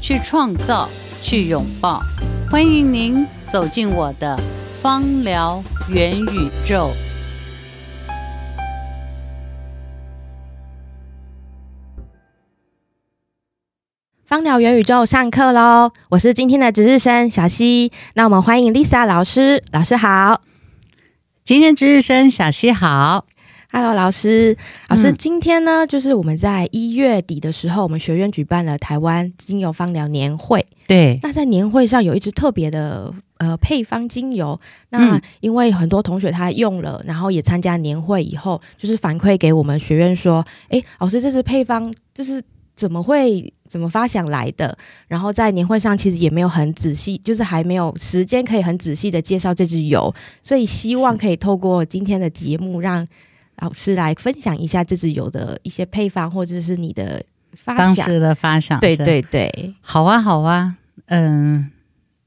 去創造，去擁抱。歡迎您走進我的芳療元宇宙。芳療元宇宙上課嘍！我是今天的值日生小西。那我們歡迎 Lisa 老師，老師好。今天值日生小西好。哈嘍，Hello，老師，老師，嗯、今天呢，就是我們在一月底的時候，我們學院舉辦了台灣精油芳療年會。對，那在年會上有一支特別的呃配方精油，那因為很多同學他用了，然後也參加年會以後，就是反饋給我們學院說，哎、欸，老師，這支配方就是怎麼會怎麼發想來的？然後在年會上其實也沒有很仔細，就是還沒有時間可以很仔細的介紹這支油，所以希望可以透過今天的節目讓。老師來分享一下自己有的一些配方，或者是你的發想，當時的發想，對對對，好啊好啊，嗯，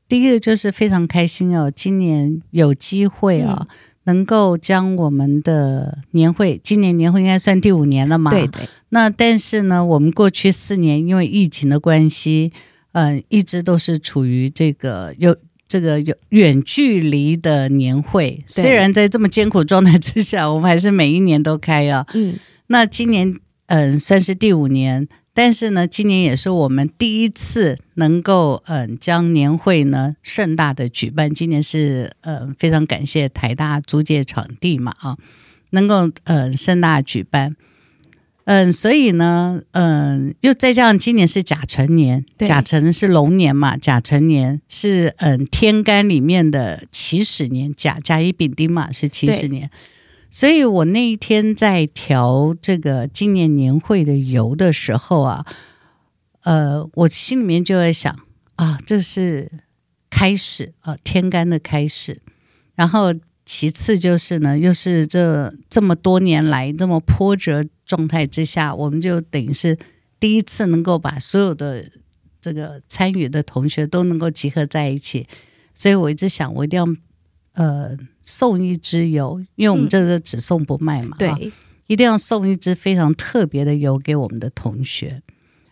第一個就是非常開心哦，今年有機會啊、哦，嗯、能夠將我們的年會，今年年會應該算第五年了嘛，對對，那但是呢，我們過去四年因為疫情的關係，嗯，一直都是處於這個有。這個遠遠距離的年會，雖然在這麼艱苦狀態之下，我們還是每一年都開啊。嗯，那今年嗯、呃、算是第五年，但是呢，今年也是我們第一次能夠嗯、呃、將年會呢盛大的舉辦。今年是嗯、呃，非常感謝台大租借場地嘛啊，能夠嗯、呃、盛大舉辦。嗯，所以呢，嗯，又再加上今年是甲辰年，對甲辰是龍年嘛，甲辰年是嗯天干裡面的起始年，甲甲乙丙丁嘛是起始年，對所以我那一天在調這個今年年會的油的時候啊，呃，我心裡面就在想啊，這是開始啊，天干的開始，然後其次就是呢，又是這這麼多年來這麼波折，狀態之下，我們就等於是第一次能夠把所有的這個參與的同學都能夠集合在一起，所以我一直想，我一定要呃送一支油，因為我們這個只送不賣嘛，嗯、對，一定要送一支非常特別的油給我們的同學，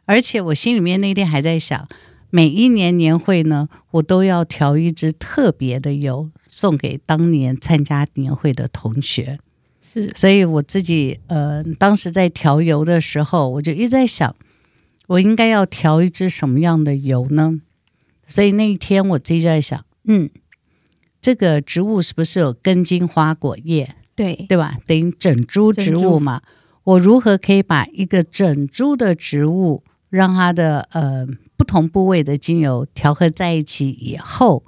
而且我心裡面那天還在想，每一年年會呢，我都要調一支特別的油送給當年參加年會的同學。是，所以我自己呃，當時在調油的時候，我就一直在想，我應該要調一支什麼樣的油呢？所以那一天我自己就在想，嗯，這個植物是不是有根莖花果葉？對，對吧？等於整株植物嘛。整株。我如何可以把一個整株的植物，讓它的呃不同部位的精油調和在一起以後？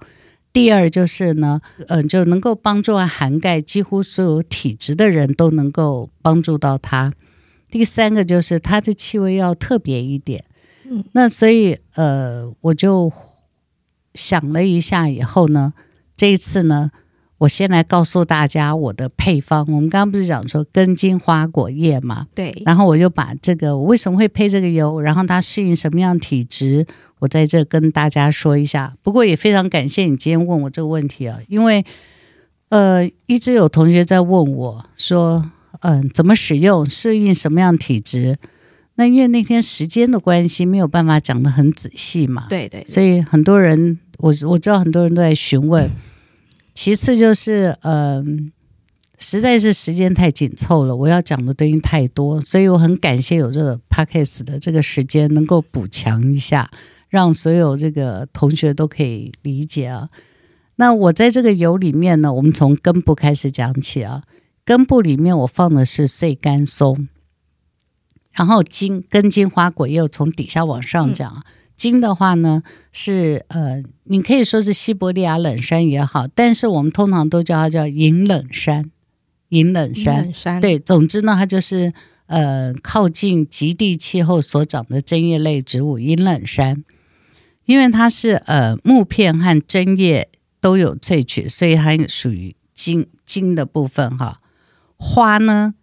第二就是呢，嗯、呃，就能夠幫助涵蓋幾乎所有體質的人都能夠幫助到它。第三個就是它的氣味要特別一點，嗯，那所以呃，我就想了一下以後呢，這一次呢，我先來告訴大家我的配方。我們剛剛不是講說根莖花果葉嗎？對，然後我就把這個我為什麼會配這個油，然後它適應什麼樣體質。我在這跟大家說一下，不過也非常感謝你今天問我這個問題啊，因為呃一直有同學在問我說，嗯、呃，怎麼使用，適應什麼樣體質？那因為那天時間的關係，沒有辦法講得很仔細嘛，對,對對，所以很多人我我知道很多人都在詢問。其次就是嗯、呃，實在是時間太緊湊了，我要講的東西太多，所以我很感謝有這個 podcast 的這個時間能夠補強一下。讓所有這個同學都可以理解啊。那我在這個油裡面呢，我們從根部開始講起啊。根部裡面我放的是穗甘松，然後莖根莖花果又從底下往上講。嗯、莖的話呢是呃，你可以說是西伯利亞冷杉也好，但是我們通常都叫它叫銀冷杉。銀冷杉。冷杉對，總之呢，它就是呃靠近極地氣候所長的針葉類植物銀冷杉。因為它是呃木片和針葉都有萃取，所以它屬於莖莖的部分哈。花呢，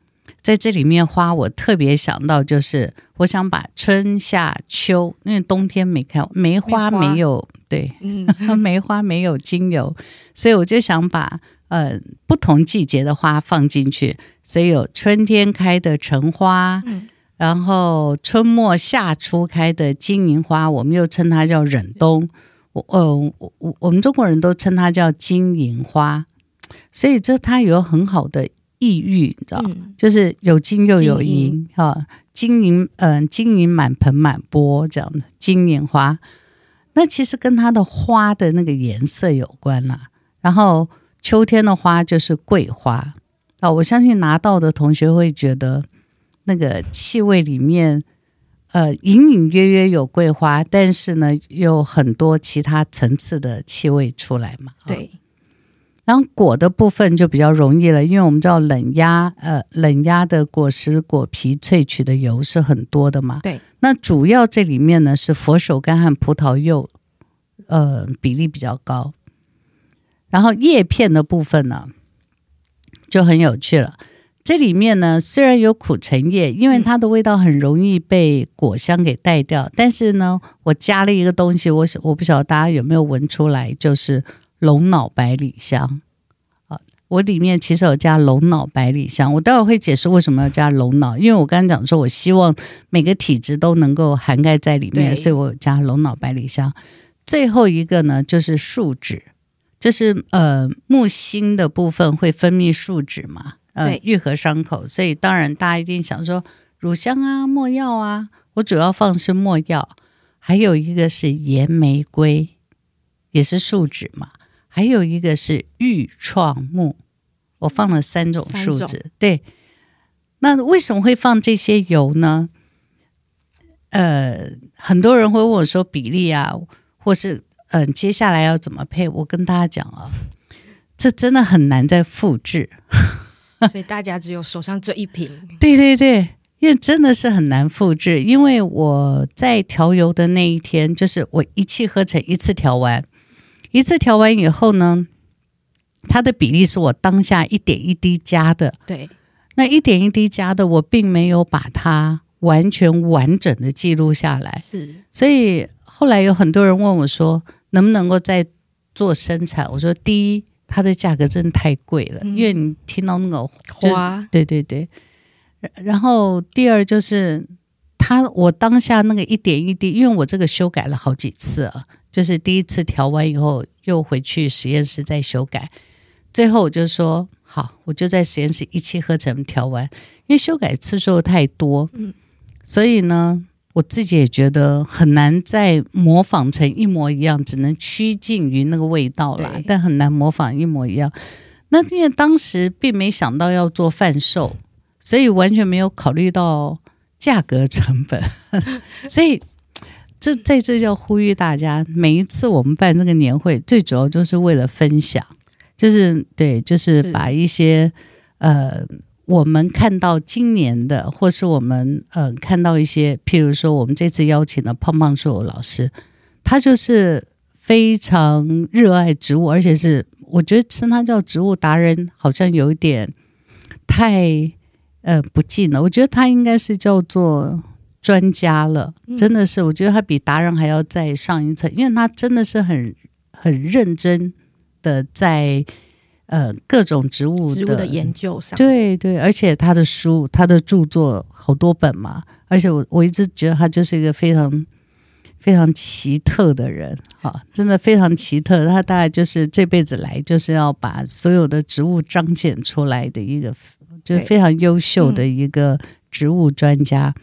在這裡面花我特別想到就是，我想把春夏秋，因為冬天沒開，梅花沒有花，對，嗯、 梅花沒有精油，所以我就想把呃不同季節的花放進去，所以有春天開的橙花。嗯然後春末夏初開的金銀花，我們又稱它叫忍冬，我呃我我們中國人都稱它叫金銀花，所以這它有很好的寓意，你知道嗎？嗯、就是有金又有銀，銀啊，金銀嗯、呃、金銀滿盆滿缽這樣的金銀花，那其實跟它的花的那個顏色有關啦。然後秋天的花就是桂花啊，我相信拿到的同學會覺得。那個氣味裡面，呃，隱隱約約有桂花，但是呢，又很多其他層次的氣味出來嘛。對。然後果的部分就比較容易了，因為我們知道冷壓，呃，冷壓的果實果皮萃取的油是很多的嘛。對。那主要這裡面呢是佛手柑和葡萄柚，呃，比例比較高。然後葉片的部分呢，就很有趣了。這裡面呢，雖然有苦橙葉，因為它的味道很容易被果香給帶掉，但是呢，我加了一個東西，我我不曉得大家有沒有聞出來，就是龍腦百里香啊、呃。我裡面其實有加龍腦百里香，我待會會解釋為什麼要加龍腦，因為我剛才講說我希望每個體質都能夠涵蓋在裡面，對所以我有加龍腦百里香。最後一個呢，就是樹脂，就是呃木心的部分會分泌樹脂嘛。呃，愈合傷口，所以當然大家一定想說乳香啊、沒藥啊，我主要放的是沒藥，還有一個是岩玫瑰，也是樹脂嘛，還有一個是愈創木，我放了三種樹脂。種對，那為什麼會放這些油呢？呃，很多人會問我說比例啊，或是嗯、呃，接下來要怎麼配？我跟大家講啊，這真的很難再複製。 所以大家只有手上這一瓶， 對對對，因為真的是很難複製。因為我在調油的那一天，就是我一氣呵成一次調完，一次調完以後呢，它的比例是我當下一點一滴加的。對，那一點一滴加的，我並沒有把它完全完整的記錄下來。是，所以後來有很多人問我說，能不能夠再做生產？我說，第一，它的價格真的太貴了，嗯，因為你。聽到那個、就是、花，對對對，然然後第二就是他，我當下那個一點一滴，因為我這個修改了好幾次啊，就是第一次調完以後，又回去實驗室再修改，最後我就說好，我就在實驗室一氣呵成調完，因為修改次數太多，嗯，所以呢，我自己也覺得很難再模仿成一模一樣，只能趨近於那個味道了，對但很難模仿一模一樣。那因為當時並沒想到要做販售，所以完全沒有考慮到價格成本， 所以這在這就要呼籲大家，每一次我們辦這個年會，最主要就是為了分享，就是對，就是把一些是呃，我們看到今年的，或是我們呃看到一些，譬如說我們這次邀請的胖胖樹老師，他就是非常熱愛植物，而且是。我覺得稱他叫植物達人好像有一點太呃不敬了。我覺得他應該是叫做專家了，嗯、真的是，我覺得他比達人還要再上一層，因為他真的是很很認真的在呃各種植物的植物的研究上。對對，而且他的書他的著作好多本嘛，而且我我一直覺得他就是一個非常。非常奇特的人，哈、啊，真的非常奇特。他大概就是這輩子來，就是要把所有的植物彰顯出來的一個，就是非常優秀的一個植物專家。Okay.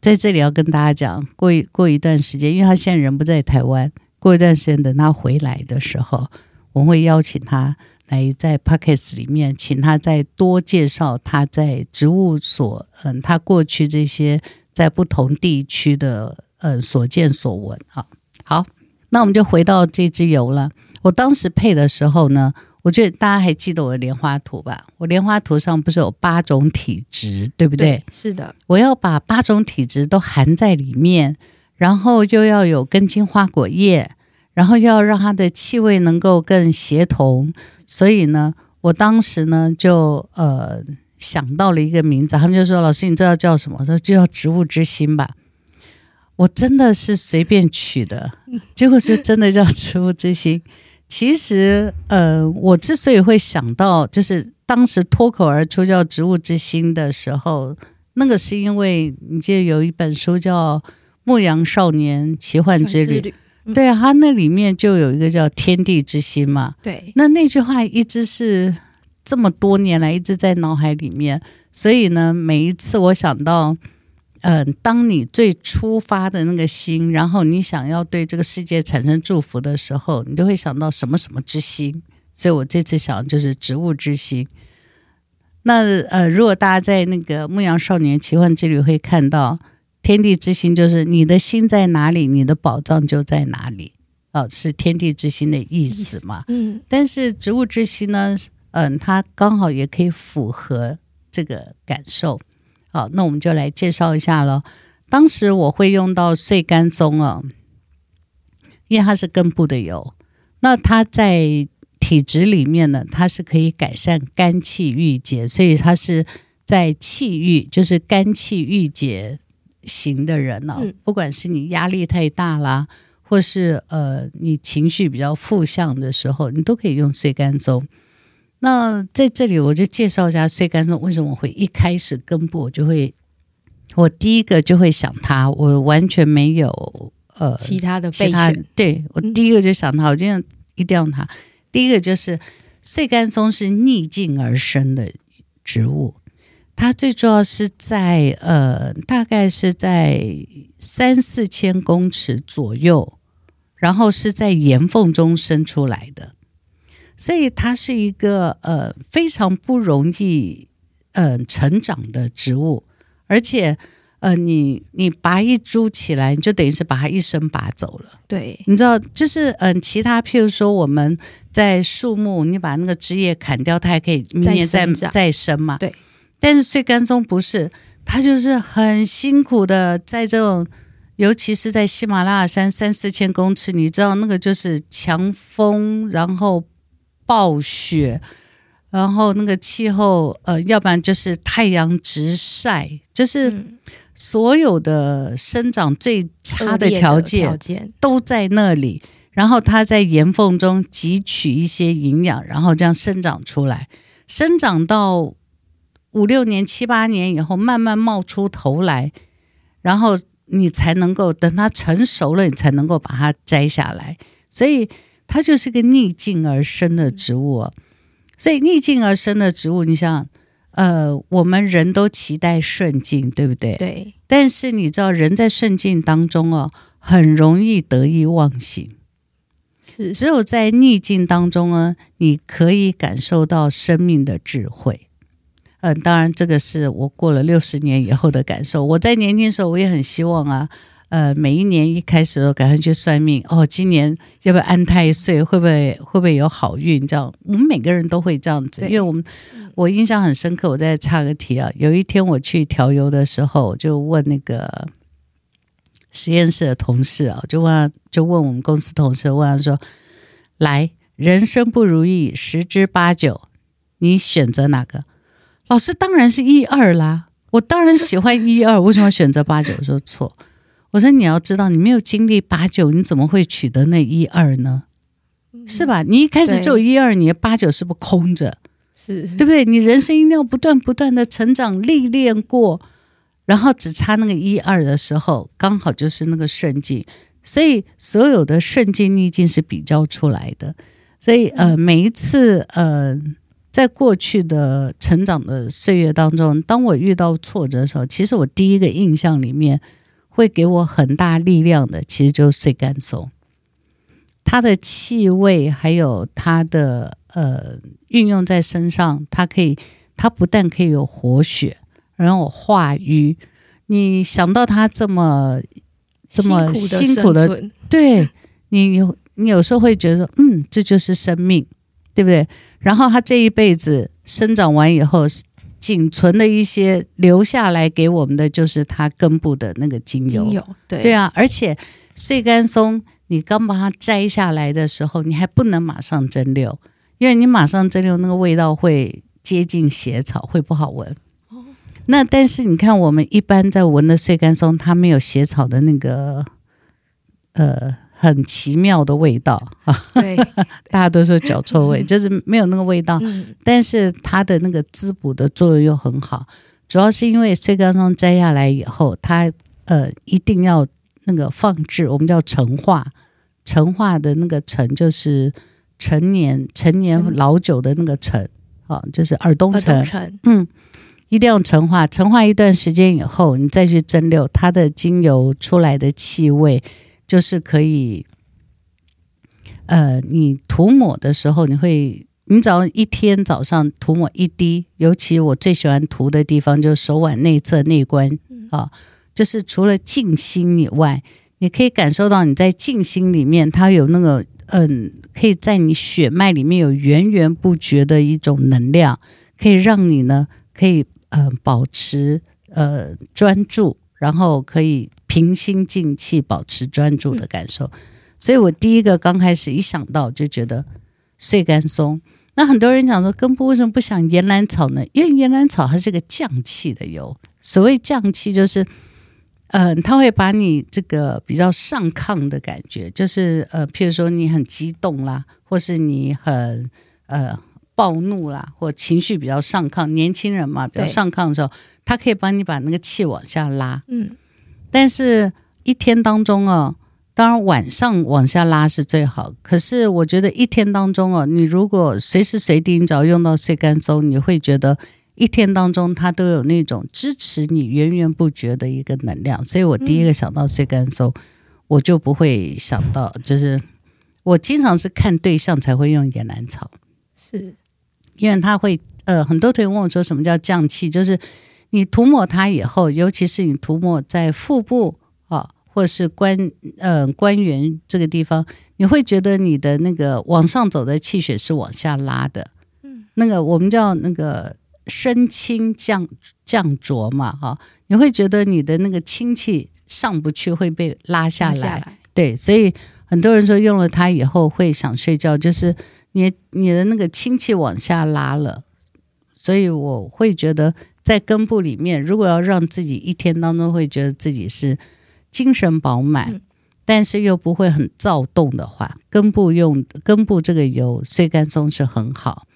在這裡要跟大家講，嗯、過一過一段時間，因為他現在人不在台灣，過一段時間等他回來的時候，我們會邀請他來在 Podcast 裡面，請他再多介紹他在植物所，嗯，他過去這些在不同地區的。呃，所見所聞啊，好，那我們就回到這支油了。我當時配的時候呢，我覺得大家還記得我的蓮花圖吧？我蓮花圖上不是有八種體質，對不對？對，是的，我要把八種體質都含在裡面，然後又要有根莖、花果、葉，然後又要讓它的氣味能夠更協同。所以呢，我當時呢就呃想到了一個名字，他們就說：“老師，你知道叫什麼？”我說就叫植物之心吧。我真的是隨便取的，結果是真的叫《植物之心》。 其實，呃，我之所以會想到，就是當時脫口而出叫《植物之心》的時候，那個是因為你記得有一本書叫《牧羊少年奇幻之旅》，旅嗯、對啊，它那裡面就有一個叫“天地之心”嘛。對，那那句話一直是這麼多年來一直在腦海裡面，所以呢，每一次我想到。嗯，當你最初發的那個心，然後你想要對這個世界產生祝福的時候，你都會想到什麼什麼之心。所以，我這次想就是植物之心。那呃，如果大家在那個《牧羊少年奇幻之旅》會看到天地之心，就是你的心在哪裡，你的寶藏就在哪裡啊、呃，是天地之心的意思嘛？嗯。但是植物之心呢，嗯、呃，它剛好也可以符合這個感受。好，那我們就來介紹一下了。當時我會用到穗甘松啊，因為它是根部的油。那它在體質裡面呢，它是可以改善肝氣鬱結，所以它是在氣鬱，就是肝氣鬱結型的人呢、啊，嗯、不管是你壓力太大啦，或是呃你情緒比較負向的時候，你都可以用穗甘松。那在這裡我就介紹一下穗甘松，為什麼會一開始根部我就會，我第一個就會想它，我完全沒有呃其他的備選，對，我第一個就想它，嗯、我就一定要用它。第一個就是穗甘松是逆境而生的植物，它最重要是在呃大概是在三四千公尺左右，然後是在岩縫中生出來的。所以它是一個呃非常不容易嗯、呃、成長的植物，而且呃你你拔一株起來，你就等於是把它一生拔走了。對，你知道就是嗯、呃、其他譬如說我們在樹木，你把那個枝葉砍掉，它還可以明年再再生嘛。對，但是穗甘松不是，它就是很辛苦的在這種，尤其是在喜馬拉雅山三四千公尺，你知道那個就是強風，然後。暴雪，然後那個氣候，呃，要不然就是太陽直曬，就是所有的生長最差的條件，都在那裡。然後它在岩縫中汲取一些營養，然後這樣生長出來，生長到五六年、七八年以後，慢慢冒出頭來，然後你才能夠等它成熟了，你才能夠把它摘下來。所以。它就是個逆境而生的植物啊，所以逆境而生的植物，你想，呃，我們人都期待順境，對不對？對。但是你知道，人在順境當中哦，很容易得意忘形。是。只有在逆境當中呢，你可以感受到生命的智慧。嗯，當然，這個是我過了六十年以後的感受。我在年輕的時候，我也很希望啊。呃，每一年一開始，趕快去算命哦。今年要不要安太歲？會不會會不會有好運？這樣，我們每個人都會這樣子。因為我們我印象很深刻。我再插個題啊，有一天我去調油的時候，就問那個實驗室的同事啊，就問就問我們公司同事，問他說：“來，人生不如意十之八九，你選擇哪個？”老師當然是一二啦，我當然喜歡一二。 為什麼選擇八九？我說錯。我說：“你要知道，你沒有經歷八九，你怎麼會取得那一二呢？嗯、是吧？你一開始就一二，對你的八九是不是空着？是，是對不對？你人生一定要不斷不斷的成長歷練過，然後只差那個一二的時候，剛好就是那個順境。所以所有的順境逆境是比較出來的。所以呃，每一次呃，在過去的成長的歲月當中，當我遇到挫折的時候，其實我第一個印象裡面。”會給我很大力量的，其實就是穗甘松，它的氣味，還有它的呃運用在身上，它可以，它不但可以有活血，然後化瘀，你想到它這麼這麼辛苦，辛苦的，對你，你有時候會覺得，嗯，這就是生命，對不對？然後他這一輩子生長完以後，僅存的一些留下來給我們的，就是它根部的那個精油。精油對，對啊，而且穗甘松，你剛把它摘下來的時候，你還不能馬上蒸餾，因為你馬上蒸餾那個味道會接近纈草，會不好聞。哦、那但是你看，我們一般在聞的穗甘松，它沒有纈草的那個呃。很奇妙的味道對，對哈哈，大家都說腳臭味，嗯、就是沒有那個味道。嗯、但是它的那個滋補的作用又很好，嗯、主要是因為穗甘松摘下來以後，它呃一定要那個放置，我們叫陳化。陳化的那個陳就是陳年陳年老酒的那個陳，啊、嗯哦，就是耳東陳。嗯，一定要陳化，陳化一段時間以後，你再去蒸餾，它的精油出來的氣味。就是可以，呃，你塗抹的時候你，你會你只要一天早上塗抹一滴，尤其我最喜歡塗的地方就是手腕內側內關啊。就是除了靜心以外，你可以感受到你在靜心裡面，它有那個嗯、呃，可以在你血脈裡面有源源不絕的一種能量，可以讓你呢，可以呃保持呃專注，然後可以。平心靜氣，保持專注的感受。嗯、所以，我第一個剛開始一想到就覺得睡甘松。那很多人講說，根部為什麼不想岩蘭草呢？因為岩蘭草它是個降氣的油。所謂降氣，就是，嗯、呃，它會把你這個比較上亢的感覺，就是呃，譬如說你很激動啦，或是你很呃暴怒啦，或情緒比較上亢，年輕人嘛，比較上亢的時候，對它可以幫你把那個氣往下拉。嗯。但是一天當中哦、啊，當然晚上往下拉是最好。可是我覺得一天當中哦、啊，你如果隨時隨地，你只要用到穗甘松，你會覺得一天當中它都有那種支持你源源不絕的一個能量。所以我第一個想到穗甘松，嗯、我就不會想到，就是我經常是看對象才會用野蘭草，是因為它會呃，很多同學問我說什麼叫降氣，就是。你塗抹它以後，尤其是你塗抹在腹部啊，或是關呃關元這個地方，你會覺得你的那個往上走的氣血是往下拉的，嗯，那個我們叫那個升清降降濁嘛哈、啊，你會覺得你的那個清氣上不去會被拉下來，下來，對，所以很多人說用了它以後會想睡覺，就是你你的那個清氣往下拉了，所以我會覺得。在根部裡面，如果要讓自己一天當中會覺得自己是精神飽滿，嗯、但是又不會很躁動的話，根部用根部這個油穗甘松是很好。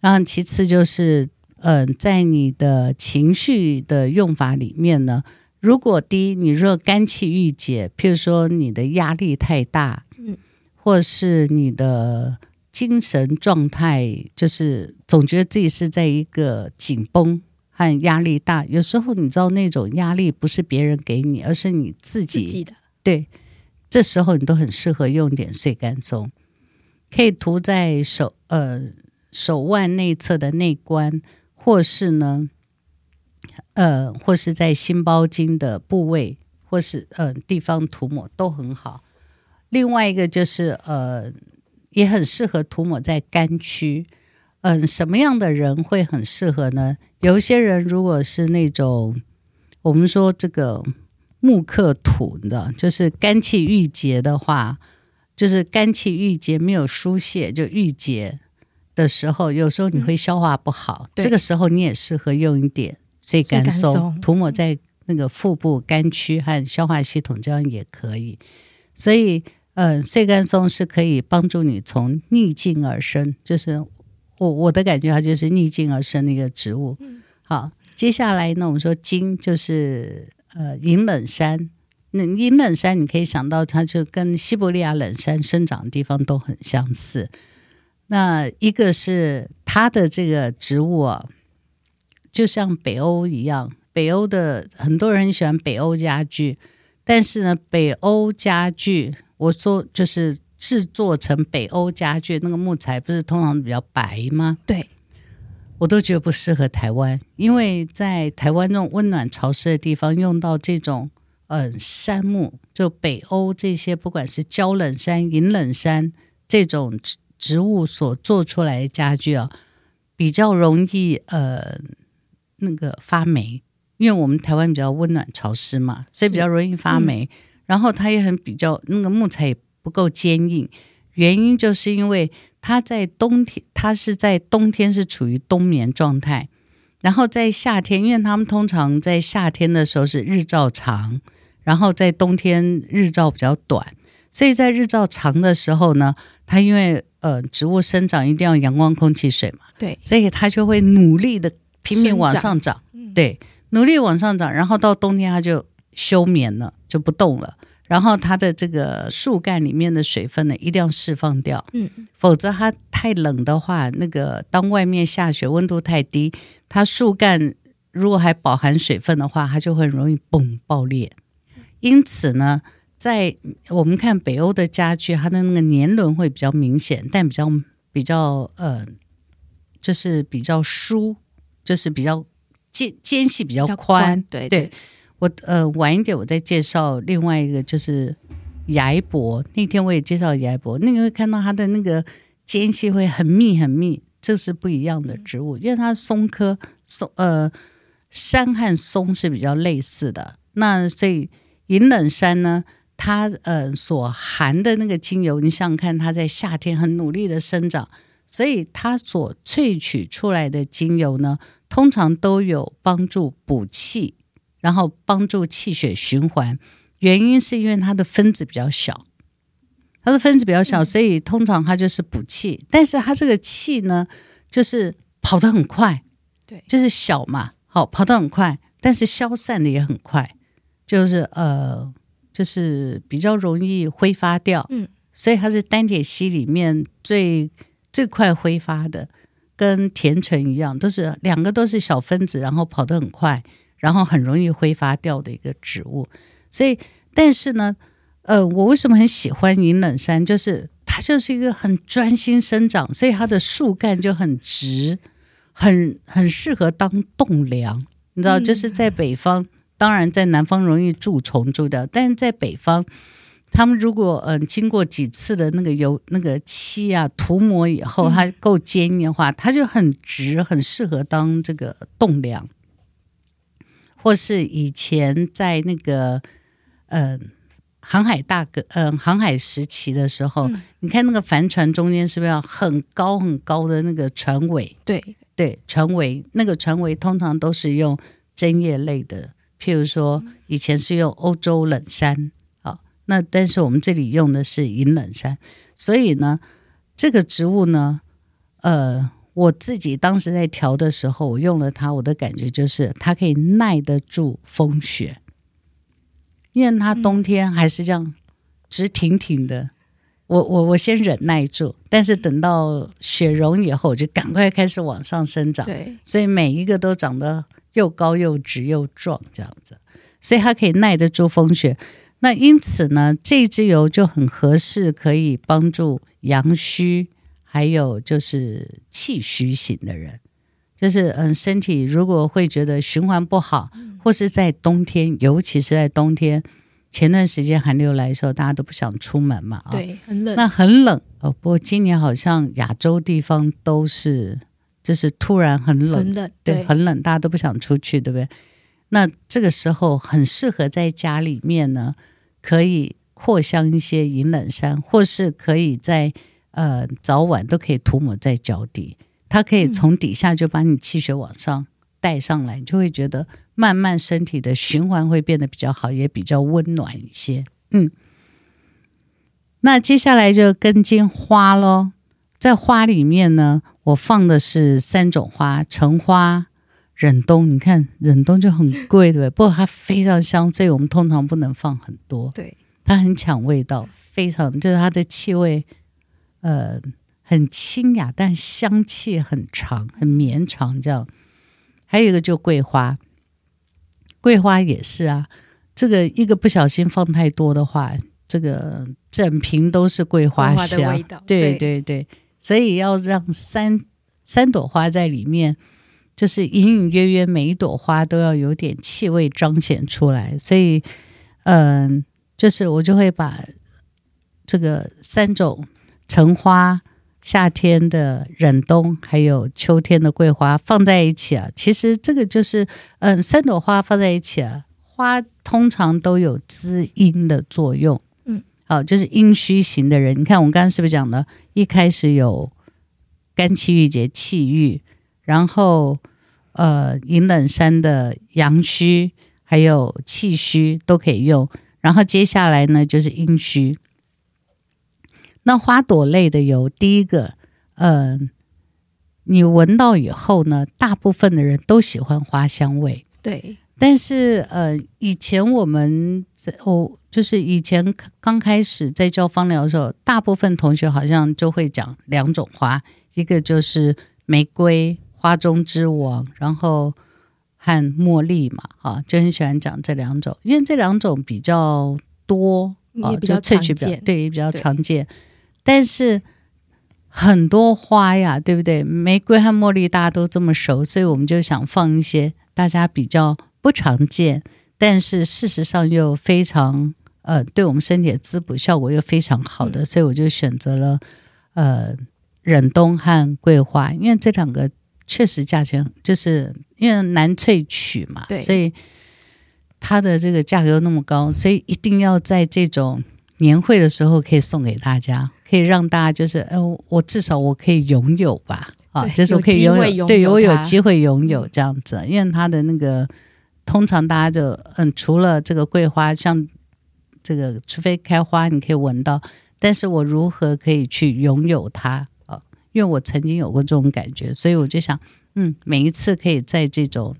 然後其次就是，嗯、呃，在你的情緒的用法裡面呢，如果第一，你若肝氣鬱結，譬如說你的壓力太大，嗯、或是你的精神狀態就是總覺得自己是在一個緊繃。很壓力大，有時候你知道那種壓力不是別人給你，而是你自己。自己的對，這時候你都很適合用點穗甘松，可以塗在手呃，手腕內側的內關，或是呢呃，或是在心包經的部位，或是呃，地方塗抹都很好。另外一個就是呃，也很適合塗抹在肝區。嗯、呃，什麼樣的人會很適合呢？有一些人如果是那種我們說這個木克土的，就是肝氣鬱結的話，就是肝氣鬱結沒有疏泄，就鬱結的時候，有時候你會消化不好。嗯、這個時候你也適合用一點穗甘松，對塗抹在那個腹部肝區和消化系統，這樣也可以。所以，嗯、呃，穗甘松是可以幫助你從逆境而生，就是。我我的感覺它就是逆境而生的一個植物。好，接下來呢，我們說金就是呃銀冷杉。那銀冷杉你可以想到，它就跟西伯利亞冷杉生長的地方都很相似。那一個是它的這個植物啊，就像北歐一樣，北歐的很多人很喜歡北歐家具，但是呢，北歐家具，我說就是。製作成北歐家具，那個木材不是通常比較白嗎？對，我都覺得不適合台灣，因為在台灣這種溫暖潮濕的地方，用到這種嗯杉木，就北歐這些，不管是膠冷杉、銀冷杉這種植植物所做出來的家具啊，比較容易呃那個發霉，因為我們台灣比較溫暖潮濕嘛，所以比較容易發霉，嗯、然後它也很比較那個木材也。不夠堅硬，原因就是因為它在冬天，它是在冬天是處於冬眠狀態，然後在夏天，因為它們通常在夏天的時候是日照長，然後在冬天日照比較短，所以在日照長的時候呢，它因為呃植物生長一定要陽光、空氣、水嘛，對，所以它就會努力的拼命往上長，長嗯、對，努力往上長，然後到冬天它就休眠了，就不動了。然後它的這個樹幹裡面的水分呢，一定要釋放掉，嗯，否則它太冷的話，那個當外面下雪，溫度太低，它樹幹如果還飽含水分的話，它就會很容易崩爆裂。因此呢，在我們看北歐的家具，它的那個年輪會比較明顯，但比較比較呃，就是比較疏，就是比較間間隙比較寬，對對。對我呃晚一點，我再介紹另外一個，就是崖柏。那天我也介紹崖柏，那你會看到它的那個間隙會很密很密，這是不一樣的植物，因為它松科松呃杉和松是比較類似的。那所以銀冷杉呢，它呃所含的那個精油，你想看，它在夏天很努力的生長，所以它所萃取出來的精油呢，通常都有幫助補氣。然後幫助氣血循環，原因是因為它的分子比較小，它的分子比較小，所以通常它就是補氣，嗯、但是它這個氣呢，就是跑得很快，對，就是小嘛，好跑得很快，但是消散的也很快，就是呃，就是比較容易揮發掉，嗯，所以它是單萜烯裡面最最快揮發的，跟甜橙一樣，都是兩個都是小分子，然後跑得很快。然後很容易揮發掉的一個植物，所以但是呢，呃，我為什麼很喜歡銀冷杉？就是它就是一個很專心生長，所以它的樹幹就很直，很很適合當棟梁。你知道，就是在北方，當然在南方容易蛀蟲蛀掉，但是在北方，他們如果嗯、呃、經過幾次的那個油、那個漆啊塗抹以後，它夠堅硬的話，它就很直，很適合當這個棟梁。或是以前在那個呃、航海大革、呃航海時期的時候，嗯、你看那個帆船中間是不是要很高很高的那個船尾？對對，船尾，那個船尾通常都是用針葉類的，譬如說以前是用歐洲冷杉好，嗯哦那但是我們這裡用的是銀冷杉，所以呢，這個植物呢，呃。我自己當時在調的時候，我用了它，我的感覺就是它可以耐得住風雪，因為它冬天還是這樣直挺挺的。我我我先忍耐住，但是等到雪融以後，就趕快開始往上生長。對，所以每一個都長得又高又直又壯這樣子，所以它可以耐得住風雪。那因此呢，這支油就很合適，可以幫助陽虛。還有就是氣虛型的人，就是嗯，身體如果會覺得循環不好，或是在冬天，尤其是在冬天，前段時間寒流來的時候，大家都不想出門嘛，對，很冷，那很冷哦。不過今年好像亞洲地方都是，就是突然很冷，很冷，對，對，很冷，大家都不想出去，對不對？那這個時候很適合在家裡面呢，可以擴香一些銀冷杉，或是可以在。呃，早晚都可以塗抹在腳底，它可以從底下就把你氣血往上帶上來，你、嗯、就會覺得慢慢身體的循環會變得比較好，也比較溫暖一些。嗯，那接下來就跟進花咯，在花裡面呢，我放的是三種花：橙花、忍冬。你看，忍冬就很貴，對不對？不過它非常香，所以我們通常不能放很多，對，它很搶味道，非常就是它的氣味。呃，很清雅，但香氣很長，很綿長。這樣，還有一個就桂花，桂花也是啊。這個一個不小心放太多的話，這個整瓶都是桂花香。花的味道對。對對對，所以要讓三三朵花在裡面，就是隱隱約約，每一朵花都要有點氣味彰顯出來。所以，嗯、呃，就是我就會把這個三種，橙花、夏天的忍冬，還有秋天的桂花放在一起啊，其實這個就是，嗯、呃，三朵花放在一起啊，花通常都有滋陰的作用，嗯，好、啊，就是陰虛型的人，你看我們剛剛是不是講了，一開始有肝氣鬱結、氣鬱，然後呃陰冷山的陽虛還有氣虛都可以用，然後接下來呢就是陰虛。那花朵類的油第一個，嗯、呃，你聞到以後呢，大部分的人都喜歡花香味。對。但是，呃，以前我們我、哦、就是以前剛開始在教芳療的時候，大部分同學好像就會講兩種花，一個就是玫瑰，花中之王，然後和茉莉嘛，啊、哦，就是，很喜歡講這兩種，因為這兩種比較多啊，哦、也比較就萃取比較，對，也比較常見。但是很多花呀，對不對？玫瑰和茉莉大家都這麼熟，所以我們就想放一些大家比較不常見，但是事實上又非常呃，對我們身體的滋補效果又非常好的，嗯、所以我就選擇了呃忍冬和桂花，因為這兩個確實價錢就是因為難萃取嘛，對所以它的這個價格又那麼高，所以一定要在這種。年會的時候可以送給大家，可以讓大家就是，嗯、哎，我至少我可以擁有吧，對啊，就是我可以擁有，有機會擁有，對，擁有它，我有機會擁有這樣子，因為它的那個，通常大家就，嗯，除了這個桂花，像這個，除非開花，你可以聞到，但是我如何可以去擁有它啊？因為我曾經有過這種感覺，所以我就想，嗯，每一次可以在這種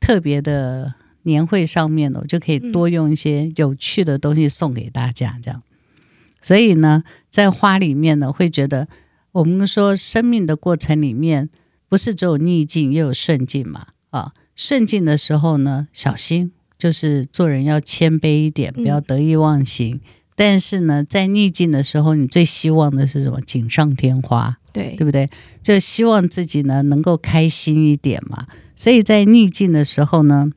特別的。年會上面呢，我就可以多用一些有趣的東西送給大家，嗯、這樣。所以呢，在花裡面呢，會覺得我們說生命的過程裡面，不是只有逆境，也有順境嘛。啊，順境的時候呢，小心，就是做人要謙卑一點，不要得意忘形。嗯、但是呢，在逆境的時候，你最希望的是什麼？錦上添花，對對不對？就希望自己呢能夠開心一點嘛。所以在逆境的時候呢。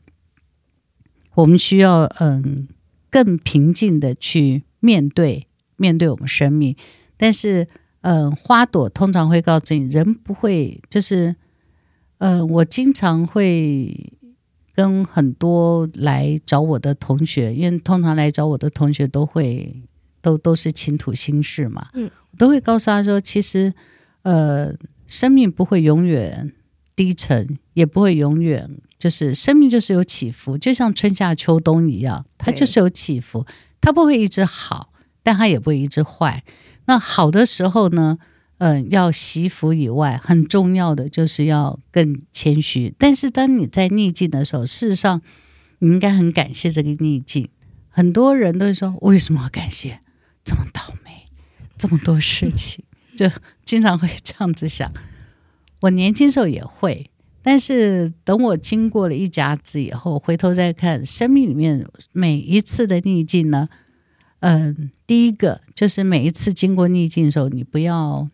我們需要，嗯，更平靜的去面對面對我們生命，但是，嗯，花朵通常會告訴你，人不會就是，嗯，我經常會跟很多來找我的同學，因為通常來找我的同學都會都都是傾吐心事嘛，嗯，我都會告訴他說，其實呃，生命不會永遠低沉，也不會永遠。就是生命就是有起伏，就像春夏秋冬一樣，它就是有起伏，它不會一直好，但它也不會一直壞。那好的時候呢，嗯、呃，要惜福以外，很重要的就是要更謙虛。但是當你在逆境的時候，事實上你應該很感謝這個逆境。很多人都會說，為什麼要感謝？這麼倒霉，這麼多事情，就經常會這樣子想。我年輕時候也會。但是等我經過了一甲子以後，回頭再看生命裡面每一次的逆境呢，嗯、呃，第一個就是每一次經過逆境的時候，你不要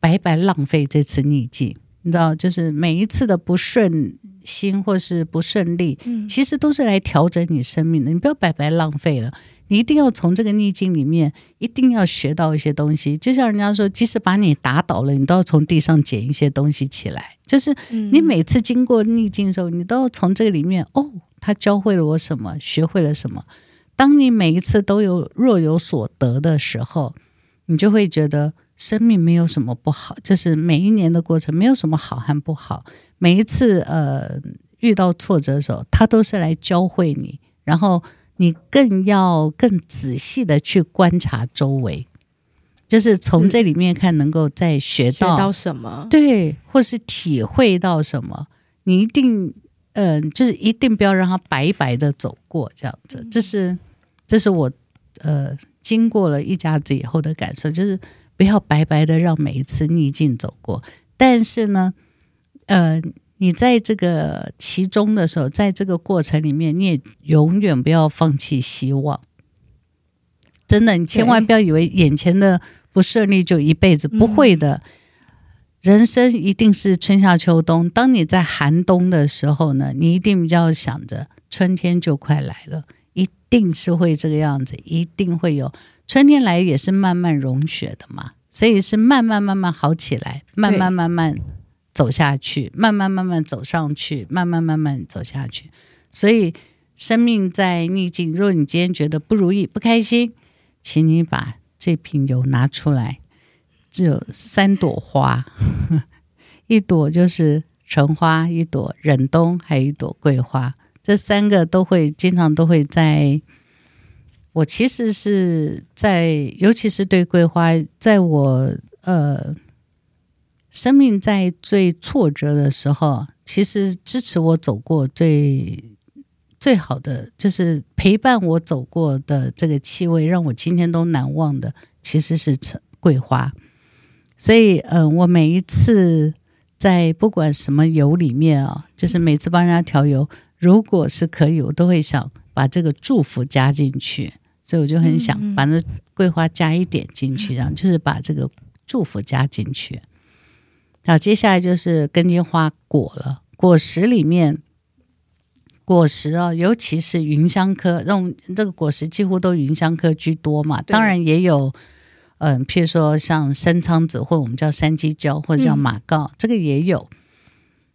白白浪費這次逆境，你知道，就是每一次的不順心或是不順利，嗯、其實都是來調整你生命的，你不要白白浪費了。你一定要從這個逆境裡面，一定要學到一些東西。就像人家說，即使把你打倒了，你都要從地上撿一些東西起來。就是你每次經過逆境的時候，嗯，你都要從這裡面哦，他教會了我什麼，學會了什麼。當你每一次都有若有所得的時候，你就會覺得生命沒有什麼不好。就是每一年的過程沒有什麼好和不好。每一次呃遇到挫折的時候，他都是來教會你，然後。你更要更仔細的去觀察周圍，就是從這裡面看，能夠在學到，嗯、學到什麼，對，或是體會到什麼，你一定，嗯、呃，就是一定不要讓它白白的走過，這樣子，這是，這是我，呃，經過了一家子以後的感受，就是不要白白的讓每一次逆境走過，但是呢，呃。你在這個其中的時候，在這個過程裡面，你也永遠不要放棄希望。真的，你千萬不要以為眼前的不順利就一輩子不會的。對人生一定是春夏秋冬。當你在寒冬的時候呢，你一定要想着春天就快來了，一定是會這個樣子，一定會有春天來，也是慢慢融雪的嘛。所以是慢慢慢慢好起來，慢慢慢慢走下去，慢慢慢慢走上去，慢慢慢慢走下去。所以，生命在逆境。若你今天覺得不如意、不開心，請你把這瓶油拿出來。只有三朵花， 一朵就是橙花，一朵忍冬，還有一朵桂花。這三個都會經常都會在。我其實是在，尤其是對桂花，在我呃。生命在最挫折的時候，其實支持我走過最最好的，就是陪伴我走過的這個氣味，讓我今天都難忘的，其實是桂花。所以，嗯、呃，我每一次在不管什麼油裡面啊、哦，就是每次幫人家調油，嗯、如果是可以，我都會想把這個祝福加進去。所以，我就很想把那桂花加一點進去，然後、嗯嗯、就是把這個祝福加進去。好，接下來就是根莖花果了，果實裡面，果實啊、哦，尤其是芸香科，這種，這個果實幾乎都芸香科居多嘛，對當然也有，嗯、呃，譬如說像山蒼子，或我們叫山雞椒，或者叫馬告，嗯、這個也有。